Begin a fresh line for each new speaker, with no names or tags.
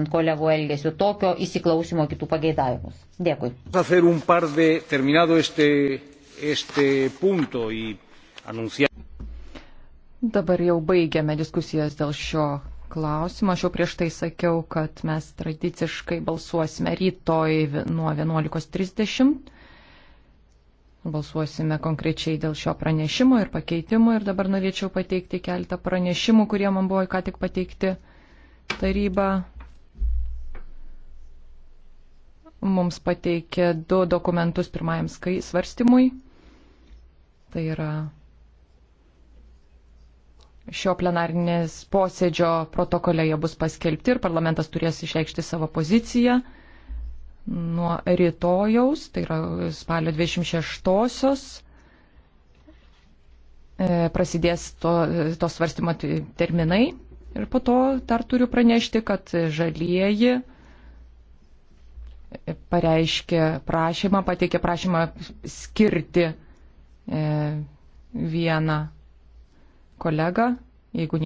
ant kolegų elgesių, tokio įsiklausimo kitų pageidavimus. Dėkui. Dabar jau baigiame diskusijas dėl šio klausimo. Aš jau prieš tai sakiau, kad mes tradiciškai balsuosime rytoj nuo 11.30. Balsuosime konkrečiai dėl šio pranešimo ir pakeitimo ir dabar norėčiau pateikti keletą pranešimų, kurie man buvo ką tik pateikti taryba mums pateikė du dokumentus pirmajam svarstymui. Tai yra šio plenarinės posėdžio protokole jie bus paskelbti ir parlamentas turės išreikšti savo poziciją nuo rytojaus, tai yra spalio 26-osios. E, prasidės to, to svarstymo terminai ir po to dar turiu pranešti, kad žalieji pareiškė prašymą, pateikė prašymą skirti e, vieną kolegą, jeigu